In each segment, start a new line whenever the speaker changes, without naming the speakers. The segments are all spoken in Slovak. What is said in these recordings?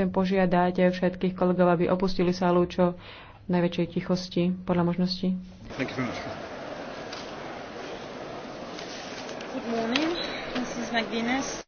Chcem požiadať aj všetkých kolegov, aby opustili sálu čo najväčšej tichosti, podľa možnosti. Thank you very much. Good
morning, Mrs. McGuinness.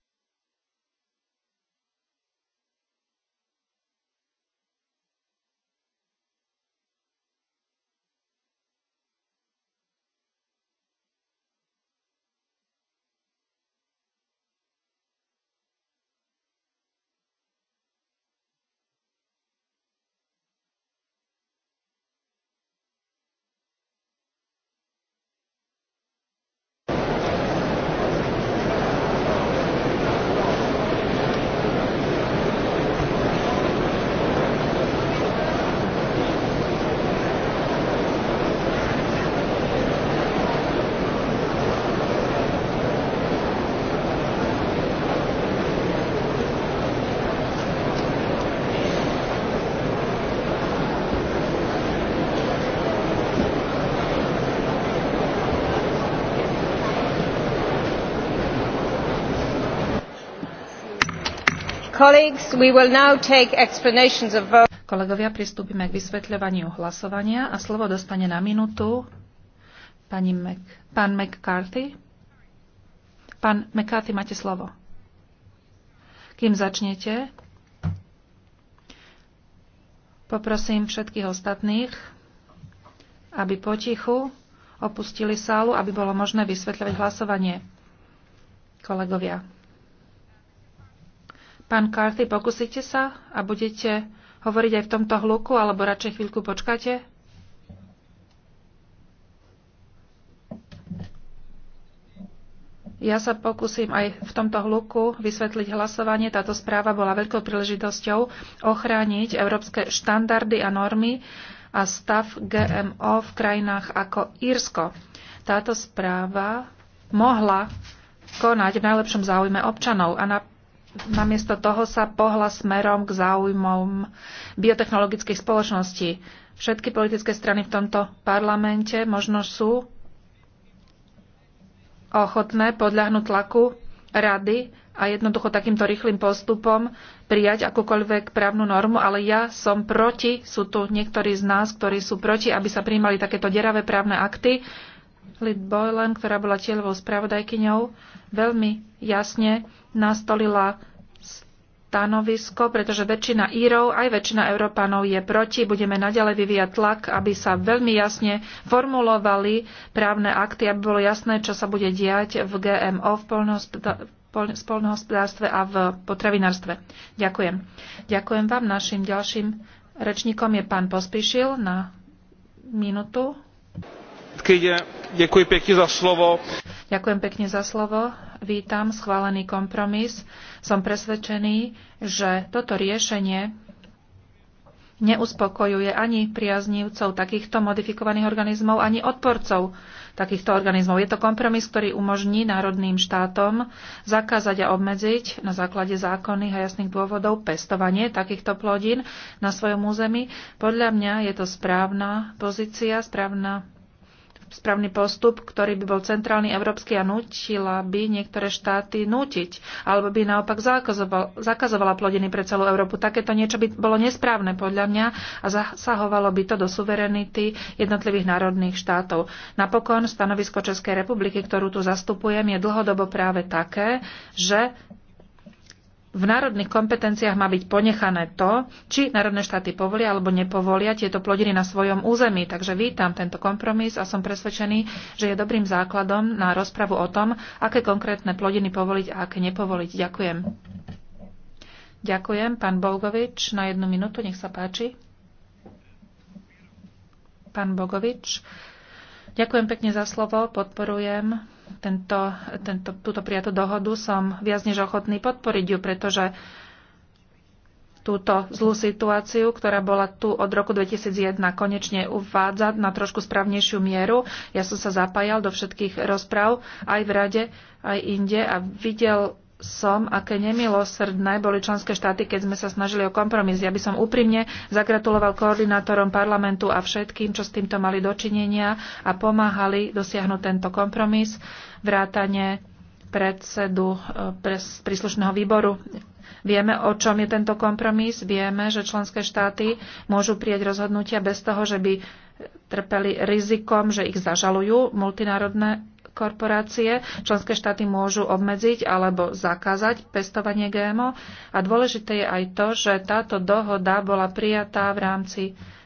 Kolegovia, pristúpime k vysvetľovaniu hlasovania a slovo dostane na minútu pani Mac, pán McCarthy. Pán McCarthy, máte slovo. Kým začnete, poprosím všetkých ostatných, aby potichu opustili sálu, aby bolo možné vysvetľovať hlasovanie. Kolegovia. Pán Carthy, pokúsite sa a budete hovoriť aj v tomto hluku, alebo radšej chvíľku počkáte? Ja sa pokúsim aj v tomto hluku vysvetliť hlasovanie. Táto správa bola veľkou príležitosťou ochrániť európske štandardy a normy a stav GMO v krajinách ako Írsko. Táto správa mohla konať v najlepšom záujme občanov a na namiesto toho sa pohla smerom k záujmom biotechnologických spoločností. Všetky politické strany v tomto parlamente možno sú ochotné podľahnuť tlaku rady a jednoducho takýmto rýchlým postupom prijať akúkoľvek právnu normu, ale ja som proti, sú tu niektorí z nás, ktorí sú proti, aby sa prijímali takéto deravé právne akty. Lid Boylan, ktorá bola tieľovou spravodajkyňou, veľmi jasne nastolila stanovisko, pretože väčšina Írov aj väčšina Európanov je proti. Budeme naďalej vyvíjať tlak, aby sa veľmi jasne formulovali právne akty, aby bolo jasné, čo sa bude diať v GMO v spolnohospodárstve a v potravinárstve. Ďakujem. Ďakujem vám. Našim ďalším rečníkom je pán Pospíšil na minútu. Ďakujem pekne za slovo. Ďakujem pekne za slovo, vítam schválený kompromis. Som presvedčený, že toto riešenie neuspokojuje ani priaznívcov takýchto modifikovaných organizmov, ani odporcov takýchto organizmov. Je to kompromis, ktorý umožní národným štátom zakázať a obmedziť na základe zákonných a jasných dôvodov pestovanie takýchto plodín na svojom území. Podľa mňa je to správna pozícia, správna správny postup, ktorý by bol centrálny európsky a nutila by niektoré štáty nútiť, alebo by naopak zakazoval, zakazovala plodiny pre celú Európu. Takéto niečo by bolo nesprávne podľa mňa a zasahovalo by to do suverenity jednotlivých národných štátov. Napokon stanovisko Českej republiky, ktorú tu zastupujem, je dlhodobo práve také, že v národných kompetenciách má byť ponechané to, či národné štáty povolia alebo nepovolia tieto plodiny na svojom území. Takže vítam tento kompromis a som presvedčený, že je dobrým základom na rozpravu o tom, aké konkrétne plodiny povoliť a aké nepovoliť. Ďakujem. Ďakujem. Pán Bogovič, na jednu minútu, nech sa páči. Pán Bogovič, ďakujem pekne za slovo, podporujem tento, tento, túto prijatú dohodu som viac než ochotný podporiť ju, pretože túto zlú situáciu, ktorá bola tu od roku 2001, konečne uvádza na trošku správnejšiu mieru. Ja som sa zapájal do všetkých rozpráv aj v Rade, aj inde a videl som, aké nemilosrdné boli členské štáty, keď sme sa snažili o kompromis. Ja by som úprimne zagratuloval koordinátorom parlamentu a všetkým, čo s týmto mali dočinenia a pomáhali dosiahnuť tento kompromis, vrátane predsedu e, príslušného výboru. Vieme, o čom je tento kompromis, vieme, že členské štáty môžu prijať rozhodnutia bez toho, že by trpeli rizikom, že ich zažalujú multinárodné korporácie. Členské štáty môžu obmedziť alebo zakázať pestovanie GMO. A dôležité je aj to, že táto dohoda bola prijatá v rámci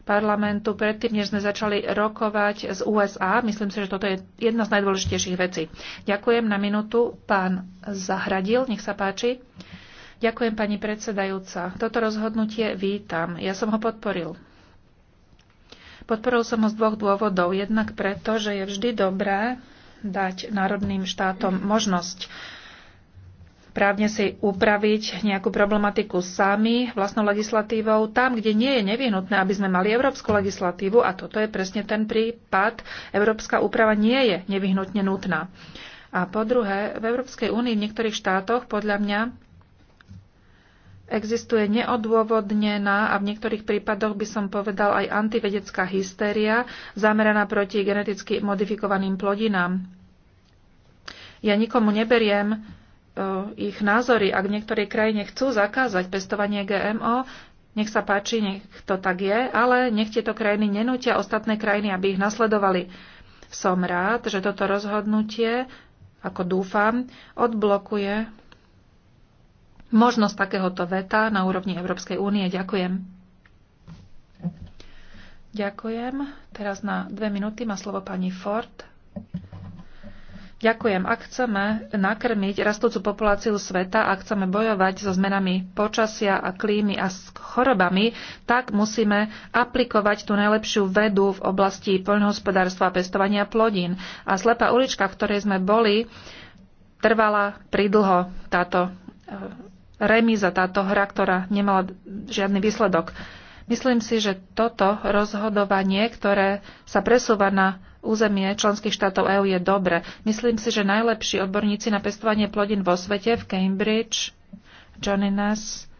parlamentu predtým, než sme začali rokovať z USA. Myslím si, že toto je jedna z najdôležitejších vecí. Ďakujem na minútu. Pán Zahradil, nech sa páči. Ďakujem, pani predsedajúca. Toto rozhodnutie vítam. Ja som ho podporil. Podporil som ho z dvoch dôvodov. Jednak preto, že je vždy dobré dať národným štátom možnosť právne si upraviť nejakú problematiku sami vlastnou legislatívou, tam, kde nie je nevyhnutné, aby sme mali európsku legislatívu, a toto je presne ten prípad, európska úprava nie je nevyhnutne nutná. A po druhé, v Európskej únii v niektorých štátoch podľa mňa existuje neodôvodnená a v niektorých prípadoch by som povedal aj antivedecká hystéria zameraná proti geneticky modifikovaným plodinám. Ja nikomu neberiem e, ich názory. Ak v niektorej krajine chcú zakázať pestovanie GMO, nech sa páči, nech to tak je, ale nech tieto krajiny nenútia ostatné krajiny, aby ich nasledovali. Som rád, že toto rozhodnutie, ako dúfam, odblokuje možnosť takéhoto veta na úrovni Európskej únie. Ďakujem. Ďakujem. Teraz na dve minúty má slovo pani Ford. Ďakujem. Ak chceme nakrmiť rastúcu populáciu sveta, a chceme bojovať so zmenami počasia a klímy a s chorobami, tak musíme aplikovať tú najlepšiu vedu v oblasti poľnohospodárstva a pestovania plodín. A slepá ulička, v ktorej sme boli, trvala pridlho táto remíza, táto hra, ktorá nemala žiadny výsledok. Myslím si, že toto rozhodovanie, ktoré sa presúva na územie členských štátov EÚ, je dobre. Myslím si, že najlepší odborníci na pestovanie plodín vo svete v Cambridge, Johnny Ness,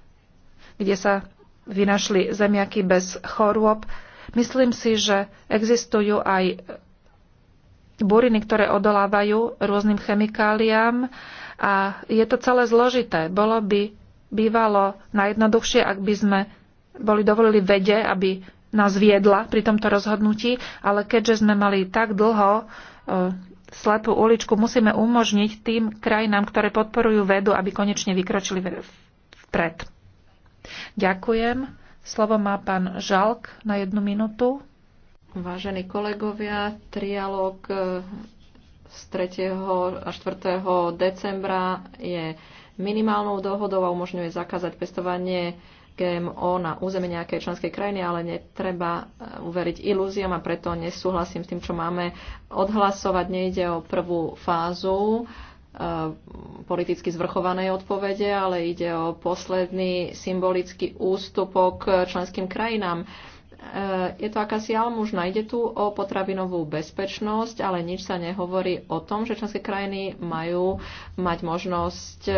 kde sa vynašli zemiaky bez chorôb. Myslím si, že existujú aj buriny, ktoré odolávajú rôznym chemikáliám a je to celé zložité. Bolo by bývalo najjednoduchšie, ak by sme boli dovolili vede, aby nás viedla pri tomto rozhodnutí, ale keďže sme mali tak dlho e, slepú uličku, musíme umožniť tým krajinám, ktoré podporujú vedu, aby konečne vykročili vpred. Ďakujem. Slovo má pán Žalk na jednu minútu.
Vážení kolegovia, trialóg e, z 3. a 4. decembra je minimálnou dohodou a umožňuje zakázať pestovanie GMO na území nejakej členskej krajiny, ale netreba e, uveriť ilúziám a preto nesúhlasím s tým, čo máme odhlasovať. Nejde o prvú fázu e, politicky zvrchovanej odpovede, ale ide o posledný symbolický ústupok členským krajinám Eh, je to akási almužna. Ide tu o potravinovú bezpečnosť, ale nič sa nehovorí o tom, že členské krajiny majú mať možnosť eh,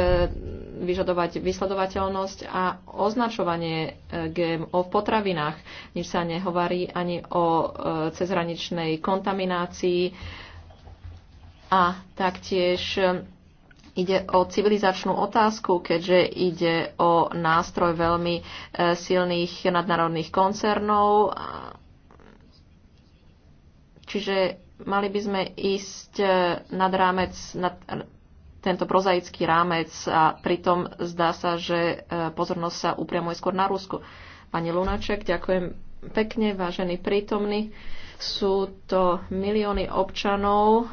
vyžadovať vysledovateľnosť a označovanie eh, GMO v potravinách. Nič sa nehovorí ani o cezhraničnej kontaminácii a taktiež Ide o civilizačnú otázku, keďže ide o nástroj veľmi e, silných nadnárodných koncernov. Čiže mali by sme ísť e, nad rámec, nad tento prozaický rámec a pritom zdá sa, že e, pozornosť sa upriamuje skôr na Rusku. Pani Lunaček, ďakujem pekne, vážení prítomní. Sú to milióny občanov,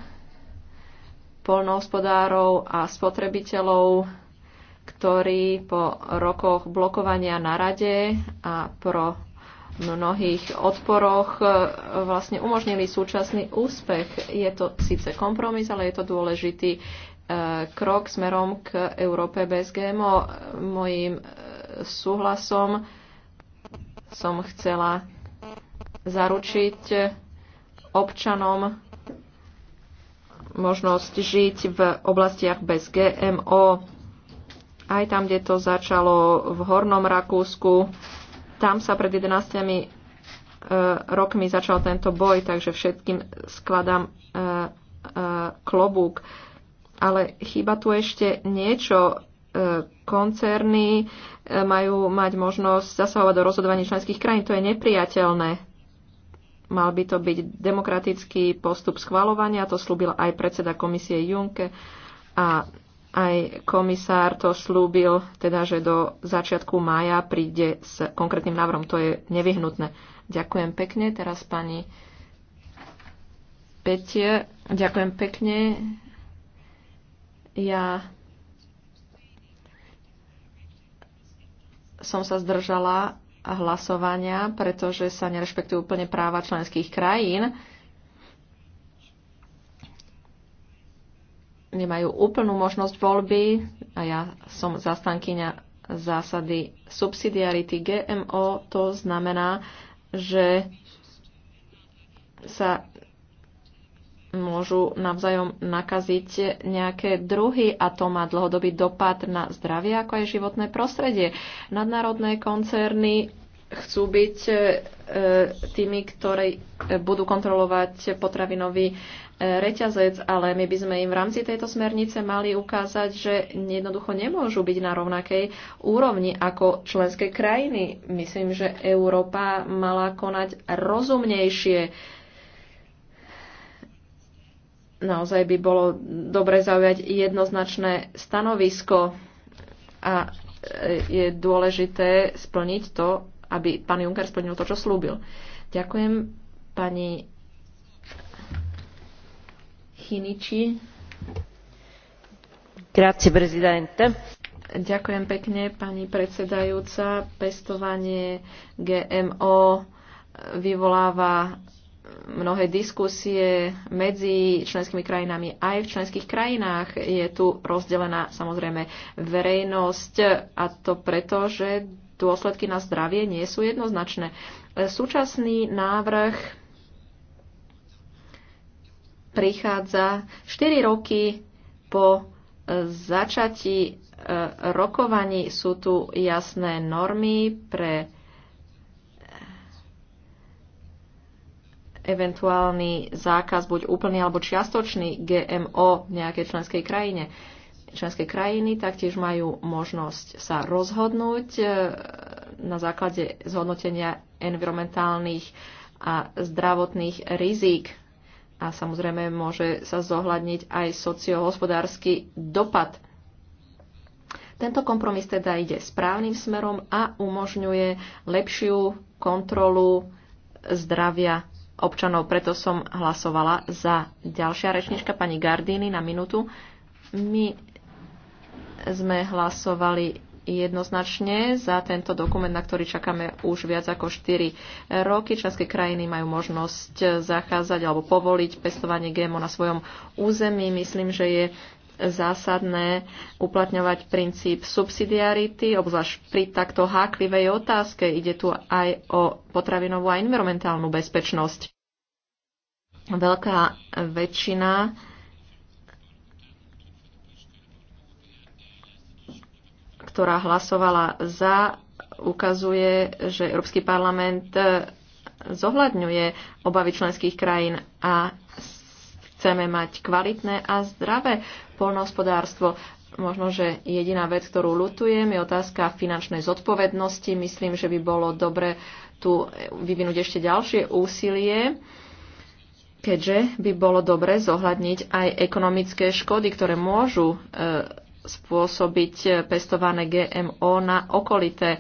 polnohospodárov a spotrebiteľov, ktorí po rokoch blokovania na rade a pro mnohých odporoch e, vlastne umožnili súčasný úspech. Je to síce kompromis, ale je to dôležitý e, krok smerom k Európe bez GMO. Mojím e, súhlasom som chcela zaručiť občanom možnosť žiť v oblastiach bez GMO. Aj tam, kde to začalo v Hornom Rakúsku, tam sa pred 11 e, rokmi začal tento boj, takže všetkým skladám e, e, klobúk. Ale chýba tu ešte niečo. Koncerny majú mať možnosť zasahovať do rozhodovaní členských krajín. To je nepriateľné Mal by to byť demokratický postup schvalovania, to slúbil aj predseda komisie Junke a aj komisár to slúbil, teda, že do začiatku mája príde s konkrétnym návrhom. To je nevyhnutné. Ďakujem pekne. Teraz pani Petie. Ďakujem pekne. Ja som sa zdržala hlasovania, pretože sa nerešpektujú úplne práva členských krajín. Nemajú úplnú možnosť voľby a ja som zastankyňa zásady subsidiarity GMO. To znamená, že sa môžu navzájom nakaziť nejaké druhy a to má dlhodobý dopad na zdravie ako aj životné prostredie. Nadnárodné koncerny chcú byť e, tými, ktorí e, budú kontrolovať potravinový e, reťazec, ale my by sme im v rámci tejto smernice mali ukázať, že jednoducho nemôžu byť na rovnakej úrovni ako členské krajiny. Myslím, že Európa mala konať rozumnejšie naozaj by bolo dobre zaujať jednoznačné stanovisko a e, je dôležité splniť to, aby pán Juncker splnil to, čo slúbil. Ďakujem pani Chiniči. Grazie, prezidente. Ďakujem pekne, pani predsedajúca. Pestovanie GMO vyvoláva mnohé diskusie medzi členskými krajinami aj v členských krajinách. Je tu rozdelená samozrejme verejnosť a to preto, že dôsledky na zdravie nie sú jednoznačné. Súčasný návrh prichádza 4 roky po začatí e, rokovaní. Sú tu jasné normy pre eventuálny zákaz buď úplný alebo čiastočný GMO v nejakej členskej krajine. Členské krajiny taktiež majú možnosť sa rozhodnúť e, na základe zhodnotenia environmentálnych a zdravotných rizík. A samozrejme môže sa zohľadniť aj sociohospodársky dopad. Tento kompromis teda ide správnym smerom a umožňuje lepšiu kontrolu zdravia občanov. Preto som hlasovala za ďalšia rečnička pani Gardíny na minútu. My sme hlasovali jednoznačne za tento dokument, na ktorý čakáme už viac ako 4 roky. Členské krajiny majú možnosť zacházať alebo povoliť pestovanie GMO na svojom území. Myslím, že je zásadné uplatňovať princíp subsidiarity, obzvlášť pri takto háklivej otázke. Ide tu aj o potravinovú a environmentálnu bezpečnosť. Veľká väčšina ktorá hlasovala za, ukazuje, že Európsky parlament zohľadňuje obavy členských krajín a chceme mať kvalitné a zdravé polnohospodárstvo. Možno, že jediná vec, ktorú lutujem, je otázka finančnej zodpovednosti. Myslím, že by bolo dobre tu vyvinúť ešte ďalšie úsilie keďže by bolo dobre zohľadniť aj ekonomické škody, ktoré môžu e, spôsobiť e, pestované GMO na okolité e,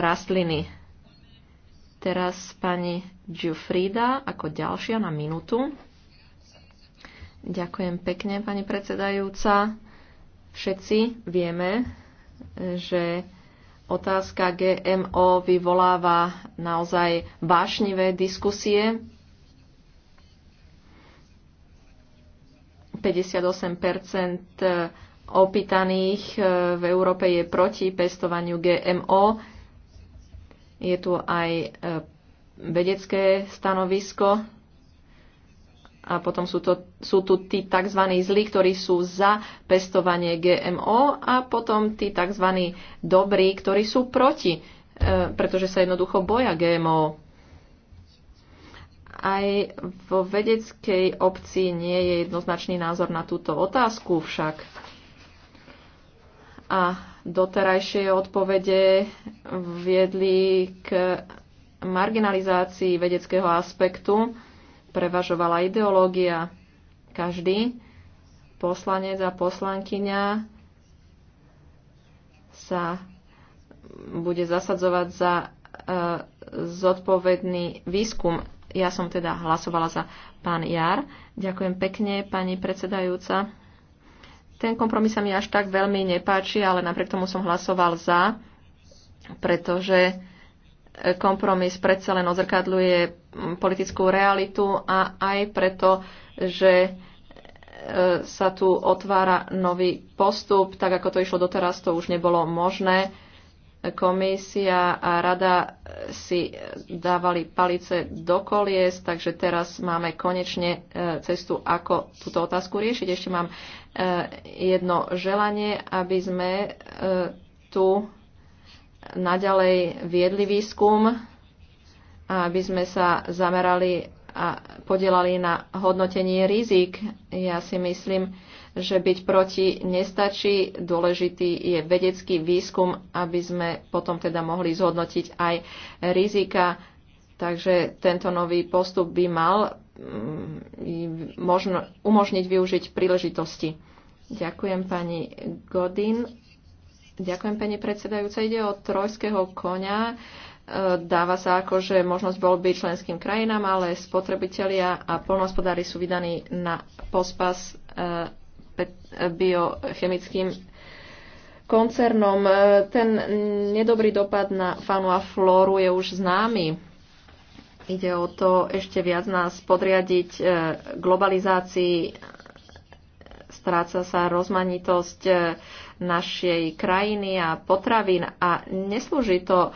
rastliny. Teraz pani Giuffrida ako ďalšia na minútu. Ďakujem pekne, pani predsedajúca. Všetci vieme, že otázka GMO vyvoláva naozaj vášnivé diskusie. 58 opýtaných e, v Európe je proti pestovaniu GMO. Je tu aj e, vedecké stanovisko a potom sú, to, sú tu tí tzv. zlí, ktorí sú za pestovanie GMO a potom tí tzv. dobrí, ktorí sú proti, e, pretože sa jednoducho boja GMO. Aj vo vedeckej obci nie je jednoznačný názor na túto otázku však. A doterajšie odpovede viedli k marginalizácii vedeckého aspektu prevažovala ideológia. Každý poslanec a poslankyňa sa bude zasadzovať za e, zodpovedný výskum. Ja som teda hlasovala za pán Jar. Ďakujem pekne, pani predsedajúca. Ten kompromis sa mi až tak veľmi nepáči, ale napriek tomu som hlasoval za, pretože kompromis predsa len ozrkadľuje mm, politickú realitu a aj preto, že e, sa tu otvára nový postup, tak ako to išlo doteraz, to už nebolo možné. Komisia a rada si dávali palice do kolies, takže teraz máme konečne e, cestu, ako túto otázku riešiť. Ešte mám e, jedno želanie, aby sme tu naďalej viedli výskum, aby sme sa zamerali a podielali na hodnotení rizik. Ja si myslím, že byť proti nestačí. Dôležitý je vedecký výskum, aby sme potom teda mohli zhodnotiť aj rizika. Takže tento nový postup by mal mm, možno, umožniť využiť príležitosti. Ďakujem pani Godin. Ďakujem, pani predsedajúca. Ide o trojského konia. E, dáva sa ako, že možnosť bol byť členským krajinám, ale spotrebitelia a polnohospodári sú vydaní na pospas e, e, biochemickým koncernom. Ten nedobrý dopad na faunu a flóru je už známy. Ide o to ešte viac nás podriadiť globalizácii, stráca sa rozmanitosť našej krajiny a potravín a neslúži to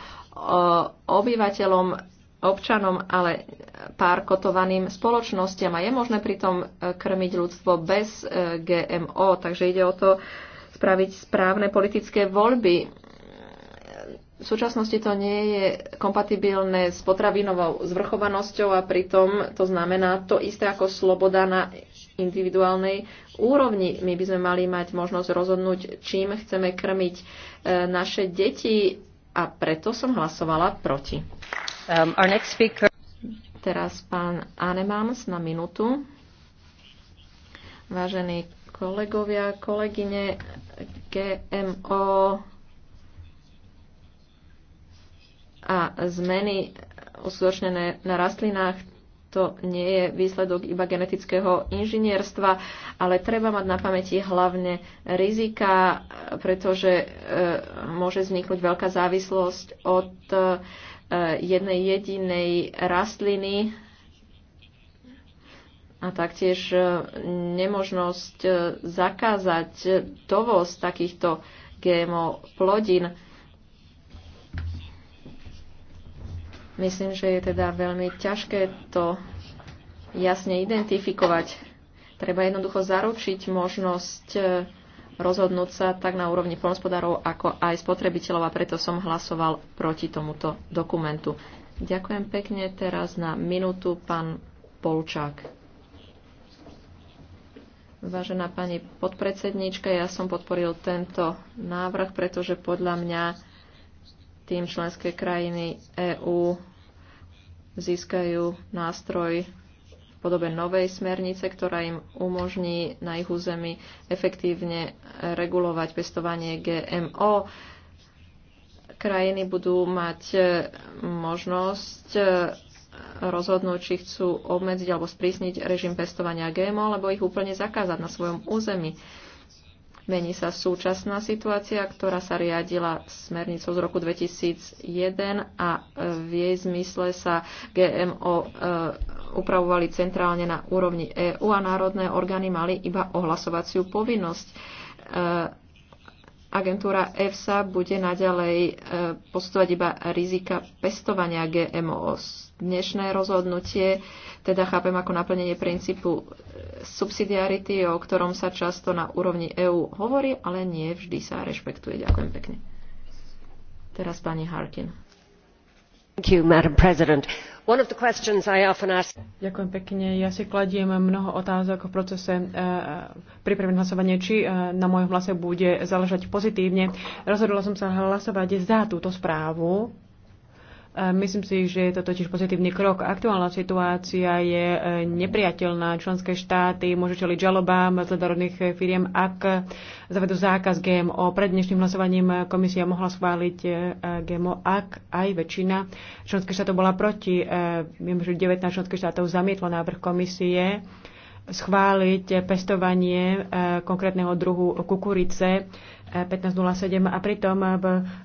obyvateľom, občanom, ale pár kotovaným spoločnostiam a je možné pritom e, krmiť ľudstvo bez e, GMO, takže ide o to spraviť správne politické voľby. V súčasnosti to nie je kompatibilné s potravinovou zvrchovanosťou a pritom to znamená to isté ako sloboda na individuálnej úrovni. My by sme mali mať možnosť rozhodnúť, čím chceme krmiť e, naše deti a preto som hlasovala proti. Um, our next speaker... Teraz pán Anemans na minútu. Vážení kolegovia, kolegyne, GMO a zmeny uskutočnené na rastlinách to nie je výsledok iba genetického inžinierstva, ale treba mať na pamäti hlavne rizika, pretože e, môže vzniknúť veľká závislosť od e, jednej jedinej rastliny a taktiež e, nemožnosť zakázať dovoz takýchto GMO plodín Myslím, že je teda veľmi ťažké to jasne identifikovať. Treba jednoducho zaručiť možnosť e, rozhodnúť sa tak na úrovni polnospodárov, ako aj spotrebiteľov a preto som hlasoval proti tomuto dokumentu. Ďakujem pekne. Teraz na minútu pán Polčák. Vážená pani podpredsedníčka, ja som podporil tento návrh, pretože podľa mňa tým členské krajiny EÚ získajú nástroj v podobe novej smernice, ktorá im umožní na ich území efektívne regulovať pestovanie GMO. Krajiny budú mať e, možnosť e, rozhodnúť, či chcú obmedziť alebo sprísniť režim pestovania GMO, alebo ich úplne zakázať na svojom území. Mení sa súčasná situácia, ktorá sa riadila smernicou z roku 2001 a e, v jej zmysle sa GMO e, upravovali centrálne na úrovni EÚ a národné orgány mali iba ohlasovaciu povinnosť e, Agentúra EFSA bude naďalej e, postovať iba rizika pestovania GMO. Dnešné rozhodnutie teda chápem ako naplnenie princípu e, subsidiarity, o ktorom sa často na úrovni EÚ hovorí, ale nie vždy sa rešpektuje. Ďakujem pekne. Teraz pani Harkin.
Thank you, Madam President. Ďakujem pekne. Ja si kladiem mnoho otázok v procese eh, eh, pripravy hlasovania, či eh, na mojom hlase bude záležať pozitívne. Rozhodla som sa hlasovať za túto správu, Myslím si, že je to totiž pozitívny krok. Aktuálna situácia je e, nepriateľná. Členské štáty môžu čeliť žalobám z ledorodných firiem, ak zavedú zákaz GMO. Pred dnešným hlasovaním komisia mohla schváliť e, GMO, ak aj väčšina členských štátov bola proti. E, viem, že 19 členských štátov zamietlo návrh komisie schváliť pestovanie e, konkrétneho druhu kukurice 1507 e, a pritom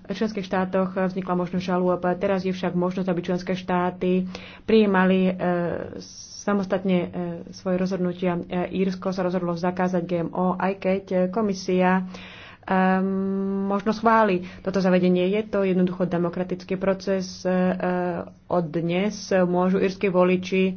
v členských štátoch vznikla možnosť žalúb. Teraz je však možnosť, aby členské štáty prijímali e, samostatne svoje rozhodnutia. Írsko sa rozhodlo zakázať GMO, aj keď komisia možno schváli toto zavedenie. Je to jednoducho demokratický proces. Od dnes môžu írsky voliči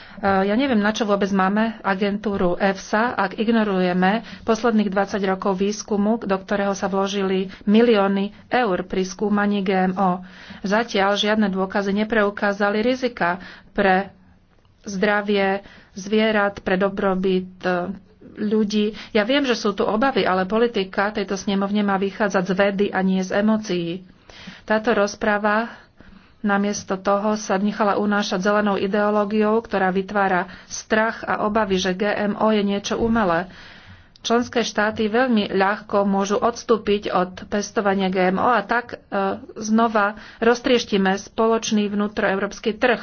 Eh, ja neviem, na čo vôbec máme agentúru EFSA, ak ignorujeme posledných 20 rokov výskumu, do ktorého sa vložili milióny eur pri skúmaní GMO. Zatiaľ žiadne dôkazy nepreukázali rizika pre zdravie zvierat, pre dobrobyt eh, ľudí. Ja viem, že sú tu obavy, ale politika tejto snemovne má vychádzať z vedy a nie z emócií. Táto rozprava Namiesto toho sa nechala unášať zelenou ideológiou, ktorá vytvára strach a obavy, že GMO je niečo umelé. Členské štáty veľmi ľahko môžu odstúpiť od pestovania GMO a tak e, znova roztrieštime spoločný vnútroeurópsky trh.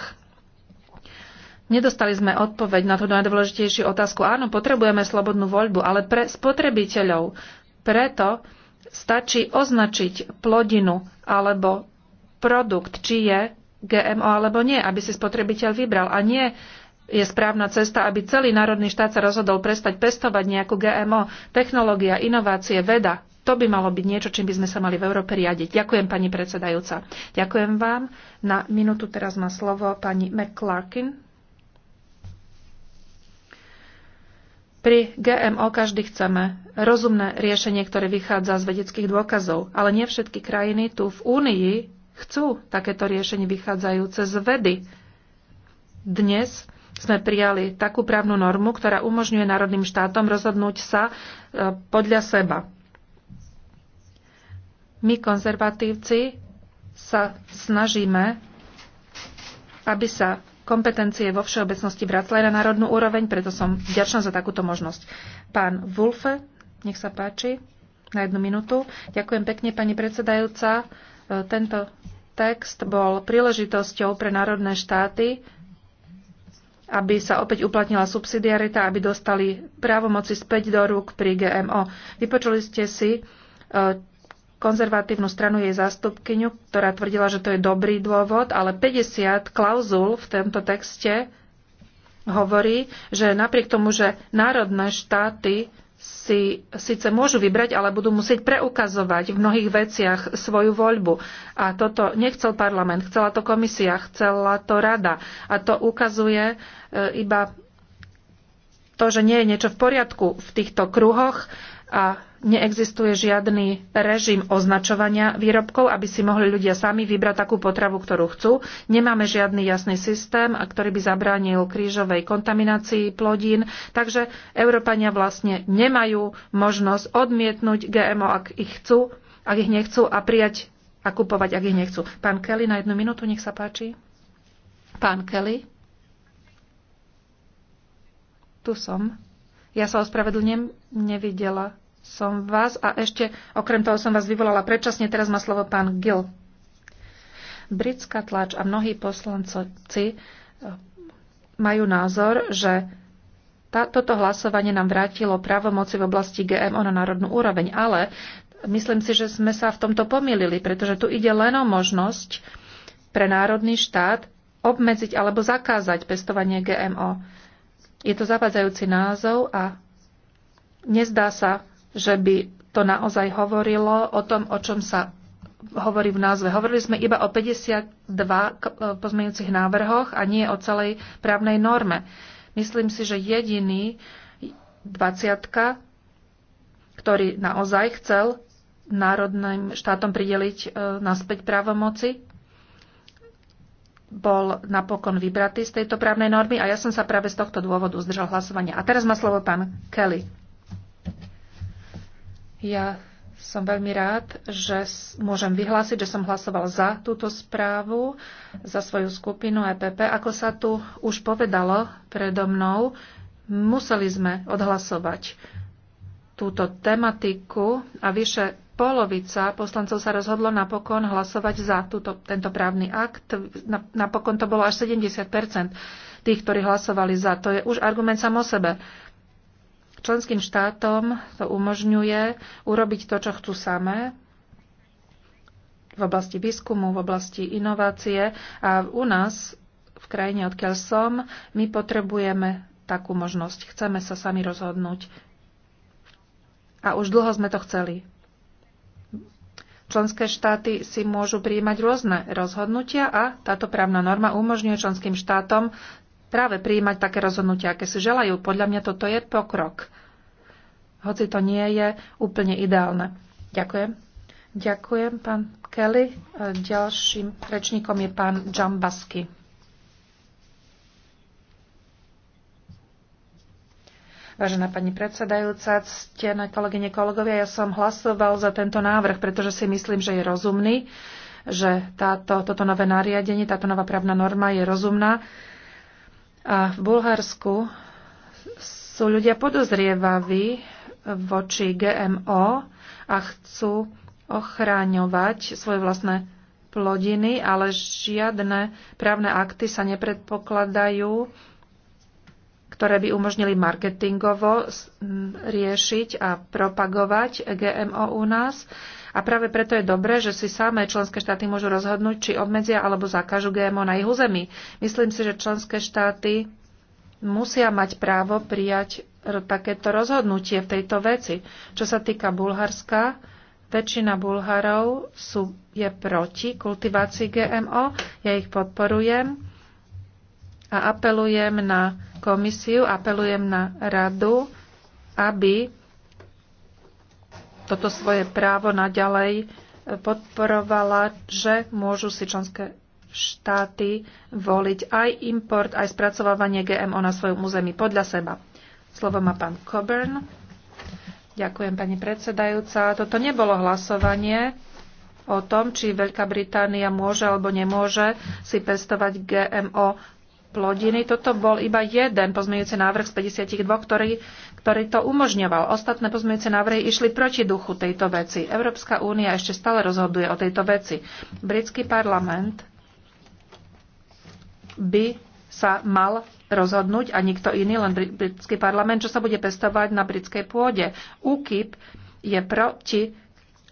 Nedostali sme odpoveď na tú najdôležitejšiu otázku. Áno, potrebujeme slobodnú voľbu, ale pre spotrebiteľov. Preto stačí označiť plodinu alebo produkt, či je GMO alebo nie, aby si spotrebiteľ vybral. A nie je správna cesta, aby celý národný štát sa rozhodol prestať pestovať nejakú GMO. Technológia, inovácie, veda, to by malo byť niečo, čím by sme sa mali v Európe riadiť. Ďakujem, pani predsedajúca. Ďakujem vám. Na minútu teraz má slovo pani McClarkin. Pri GMO každý chceme rozumné riešenie, ktoré vychádza z vedeckých dôkazov, ale nie všetky krajiny tu v Únii chcú takéto riešenie vychádzajúce z vedy. Dnes sme prijali takú právnu normu, ktorá umožňuje národným štátom rozhodnúť sa e, podľa seba. My, konzervatívci, sa snažíme, aby sa kompetencie vo všeobecnosti vracali na národnú úroveň, preto som vďačná za takúto možnosť. Pán Wulfe, nech sa páči, na jednu minútu. Ďakujem pekne, pani predsedajúca. Tento text bol príležitosťou pre národné štáty, aby sa opäť uplatnila subsidiarita, aby dostali právomoci späť do rúk pri GMO. Vypočuli ste si e, konzervatívnu stranu jej zástupkyňu, ktorá tvrdila, že to je dobrý dôvod, ale 50 klauzul v tomto texte hovorí, že napriek tomu, že národné štáty si síce môžu vybrať, ale budú musieť preukazovať v mnohých veciach svoju voľbu. A toto nechcel parlament, chcela to komisia, chcela to rada. A to ukazuje e, iba to, že nie je niečo v poriadku v týchto kruhoch a neexistuje žiadny režim označovania výrobkov, aby si mohli ľudia sami vybrať takú potravu, ktorú chcú. Nemáme žiadny jasný systém, ktorý by zabránil krížovej kontaminácii plodín, takže Európania vlastne nemajú možnosť odmietnúť GMO, ak ich chcú, ak ich nechcú a prijať a kupovať, ak ich nechcú. Pán Kelly, na jednu minútu, nech sa páči. Pán Kelly. Tu som. Ja sa ospravedlňujem, nevidela som vás a ešte okrem toho som vás vyvolala predčasne. Teraz má slovo pán Gill. Britská tlač a mnohí poslanci eh, majú názor, že tá, toto hlasovanie nám vrátilo právomoci v oblasti GMO na národnú úroveň, ale myslím si, že sme sa v tomto pomýlili, pretože tu ide len o možnosť pre národný štát obmedziť alebo zakázať pestovanie GMO. Je to zavadzajúci názov a nezdá sa že by to naozaj hovorilo o tom, o čom sa hovorí v názve. Hovorili sme iba o 52 pozmeňujúcich návrhoch a nie o celej právnej norme. Myslím si, že jediný 20 ktorý naozaj chcel národným štátom prideliť e, naspäť právomoci, bol napokon vybratý z tejto právnej normy a ja som sa práve z tohto dôvodu zdržal hlasovania. A teraz má slovo pán Kelly. Ja som veľmi rád, že môžem vyhlásiť, že som hlasoval za túto správu, za svoju skupinu EPP. Ako sa tu už povedalo predo mnou, museli sme odhlasovať túto tematiku a vyše polovica poslancov sa rozhodlo napokon hlasovať za túto, tento právny akt. Napokon to bolo až 70 tých, ktorí hlasovali za. To je už argument samo sebe. Členským štátom to umožňuje urobiť to, čo chcú samé v oblasti výskumu, v oblasti inovácie a u nás, v krajine, odkiaľ som, my potrebujeme takú možnosť. Chceme sa sami rozhodnúť. A už dlho sme to chceli. Členské štáty si môžu príjmať rôzne rozhodnutia a táto právna norma umožňuje členským štátom práve prijímať také rozhodnutia, aké si želajú. Podľa mňa toto je pokrok. Hoci to nie je úplne ideálne. Ďakujem. Ďakujem, pán Kelly. Ďalším rečníkom je pán Džambasky. Vážená pani predsedajúca, ctené kolegyne, kolegovia, ja som hlasoval za tento návrh, pretože si myslím, že je rozumný, že táto, toto nové nariadenie, táto nová právna norma je rozumná a v Bulharsku sú ľudia podozrievaví voči GMO a chcú ochráňovať svoje vlastné plodiny, ale žiadne právne akty sa nepredpokladajú, ktoré by umožnili marketingovo riešiť a propagovať GMO u nás. A práve preto je dobré, že si samé členské štáty môžu rozhodnúť, či obmedzia alebo zakážu GMO na ich území. Myslím si, že členské štáty musia mať právo prijať takéto rozhodnutie v tejto veci. Čo sa týka Bulharska, väčšina Bulharov sú, je proti kultivácii GMO, ja ich podporujem a apelujem na komisiu, apelujem na radu, aby toto svoje právo naďalej e, podporovala, že môžu si členské štáty voliť aj import, aj spracovávanie GMO na svojom území podľa seba. Slovo má pán Coburn. Ďakujem, pani predsedajúca. Toto nebolo hlasovanie o tom, či Veľká Británia môže alebo nemôže si pestovať GMO plodiny. Toto bol iba jeden pozmeňujúci návrh z 52, ktorý ktorý to umožňoval. Ostatné pozmeňujúce návrhy išli proti duchu tejto veci. Európska únia ešte stále rozhoduje o tejto veci. Britský parlament by sa mal rozhodnúť a nikto iný, len britský parlament, čo sa bude pestovať na britskej pôde. UKIP je proti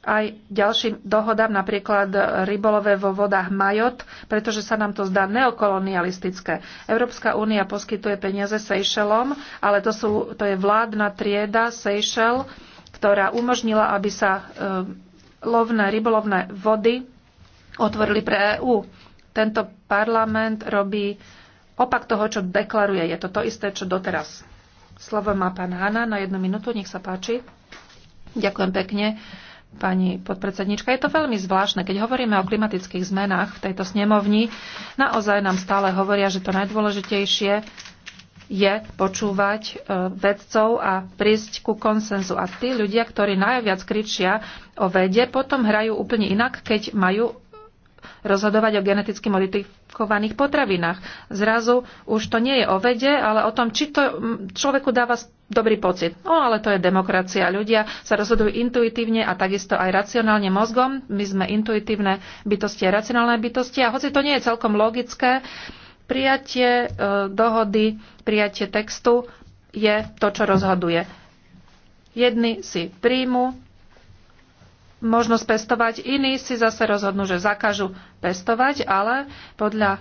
aj ďalším dohodám, napríklad rybolové vo vodách Majot, pretože sa nám to zdá neokolonialistické. Európska únia poskytuje peniaze Seychellom, ale to, sú, to je vládna trieda Seychell, ktorá umožnila, aby sa e, lovné rybolovné vody otvorili pre EÚ. Tento parlament robí opak toho, čo deklaruje. Je to to isté, čo doteraz. Slovo má pán Hanna, na jednu minútu, nech sa páči. Ďakujem pekne pani podpredsednička. Je to veľmi zvláštne, keď hovoríme o klimatických zmenách v tejto snemovni. Naozaj nám stále hovoria, že to najdôležitejšie je počúvať e, vedcov a prísť ku konsenzu. A tí ľudia, ktorí najviac kričia o vede, potom hrajú úplne inak, keď majú rozhodovať o geneticky očkovaných potravinách. Zrazu už to nie je o vede, ale o tom, či to človeku dáva dobrý pocit. No ale to je demokracia. Ľudia sa rozhodujú intuitívne a takisto aj racionálne mozgom. My sme intuitívne bytosti a racionálne bytosti a hoci to nie je celkom logické, prijatie e, dohody, prijatie textu je to, čo rozhoduje. Jedni si príjmu možnosť pestovať. Iní si zase rozhodnú, že zakážu pestovať, ale podľa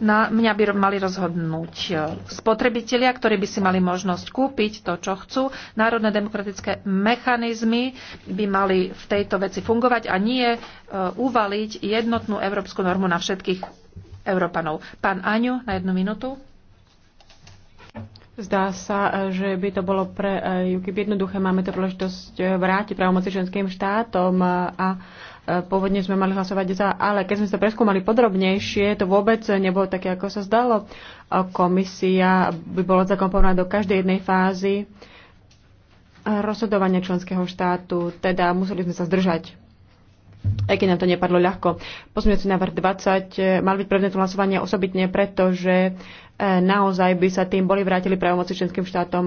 na mňa by mali rozhodnúť e, spotrebitelia, ktorí by si mali možnosť kúpiť to, čo chcú. Národné demokratické mechanizmy by mali v tejto veci fungovať a nie e, uvaliť jednotnú európsku
normu na všetkých Európanov. Pán Aňu, na jednu minútu. Zdá sa, že by to bolo pre eh, UKIP jednoduché. Máme to príležitosť eh, vrátiť právomoci členským štátom eh, a pôvodne sme mali hlasovať za, ale keď sme sa preskúmali podrobnejšie, to vôbec nebolo také, ako sa zdalo. Komisia by bola zakomponovaná do každej jednej fázy rozhodovania členského štátu, teda museli sme sa zdržať aj keď nám to nepadlo ľahko. Pozmeňujúci návrh 20 e, mal byť predmetom hlasovania osobitne, pretože e, naozaj by sa tým boli vrátili právomoci členským štátom,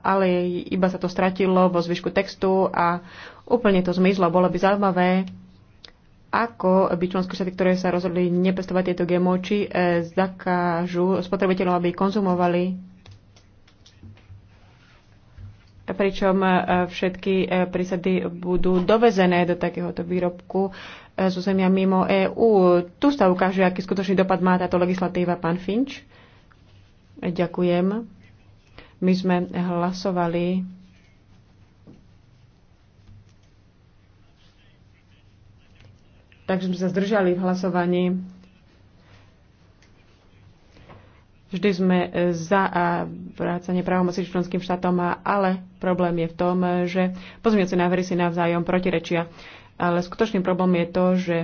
ale iba sa to stratilo vo zvyšku textu a úplne to zmizlo. Bolo by zaujímavé, ako by členské štáty, ktoré sa rozhodli nepestovať tieto GMO, či e, zakážu spotrebiteľom, aby konzumovali pričom e, všetky e, prísady budú dovezené do takéhoto výrobku e, zo zemia mimo EÚ. Tu sa ukáže, aký skutočný dopad má táto legislatíva, pán Finč. Ďakujem. My sme hlasovali takže sme sa zdržali v hlasovaní. Vždy sme e, za vrácanie právomocí členským štátom, ale problém je v tom, že pozmeňujúce návrhy si navzájom protirečia. Ale skutočný problém je to, že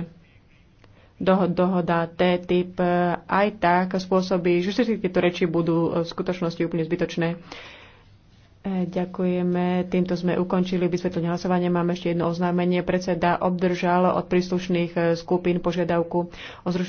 dohod, dohoda T-typ e, aj tak spôsobí, že všetky tieto reči budú e, v skutočnosti úplne zbytočné. Ďakujeme. Týmto sme ukončili vysvetlenie hlasovania. Máme ešte jedno oznámenie. Predseda obdržal od príslušných skupín požiadavku o zrušenie